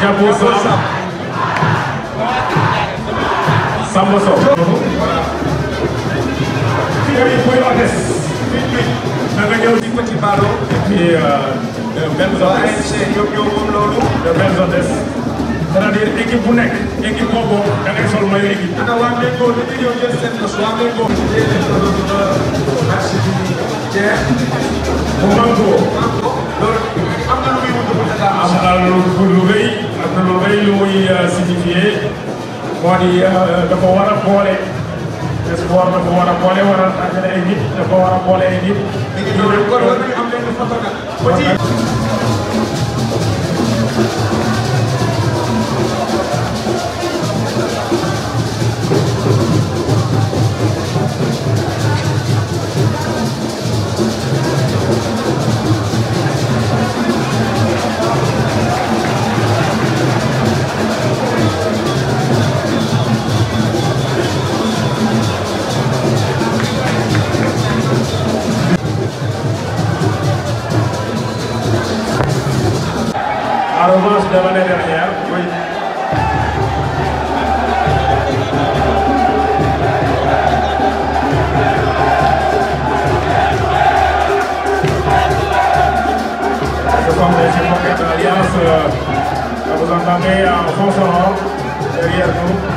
Jabuzão. Sambozão. Fiquei foi lá nesse. Nanganyo di o baro. Puis, Benzon des. Benzon des. C'est-à-dire équipe bu nekk que boobu isso ngay sol maillot équipe. ana waa Mengo li ñu ñëw jël seen bos waa Mengo. bu Mengo. moo di uh, dafa war a boole sport dafa war a boole war a dajale ay nit dafa war a boole ay nit. am de l'année dernière. Oui. Ce sont des supporters de l'Alliance euh, que vous entendez en fonctionnant derrière nous.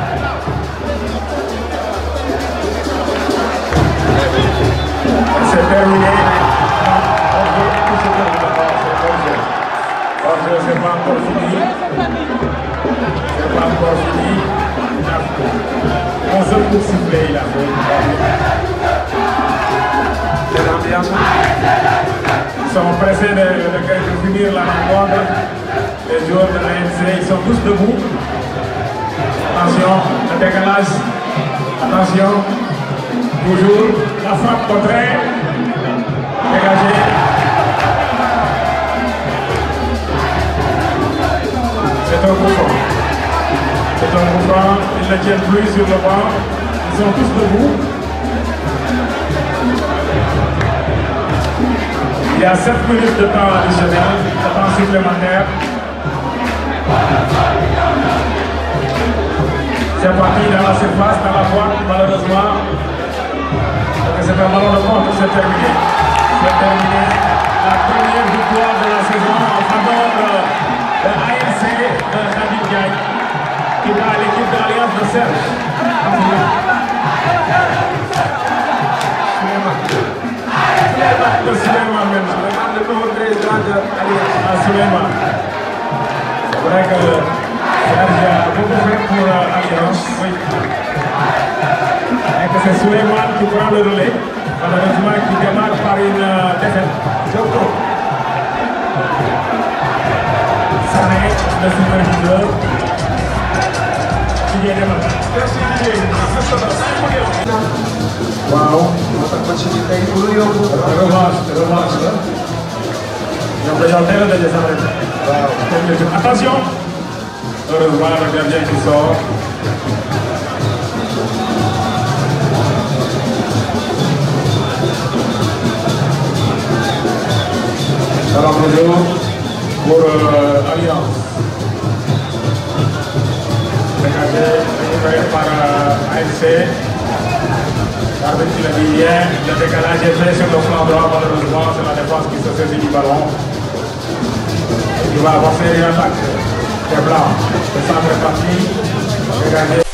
Sommes pressés de, de, de, finir la rencontre. Les joueurs de são NCA sont tous debout. Attention, le décalage. Atenção, toujours la frappe contraire. Dégagée. C'est un on va la plus sur le banc. Ils sont tous debout. Il y a 7 minutes de temps additionnel, de temps supplémentaire. C'est parti dans la surface, dans la boîte, malheureusement. C'est un ballon de compte, c'est terminé. C'est terminé. La première victoire de la saison en faveur de l'ANC de David Gagne. que dá ah, a equipe da Aliança da cinema Do Suleiman mesmo, levando número 3 grande a Suleiman. C'est vrai que Serge a beaucoup fait pour l'Alliance. é Et que c'est Suleiman qui prend que relais, para ir na par Seu défaite. Wow. O zit je tegen Julio? Relax, relax. Não vejo até o desenho. Atenção! Revoir o gardien qui sort. Alors, bonjour pour euh, Alliance. Dégagé, récupéré par euh, AFC. Car tu l'as dit hier, le décalage est fait sur le flanc droit, malheureusement, c'est la défense qui se saisit du ballon. Il va avancer attaque. C'est blanc. Le centre est parti. gagné.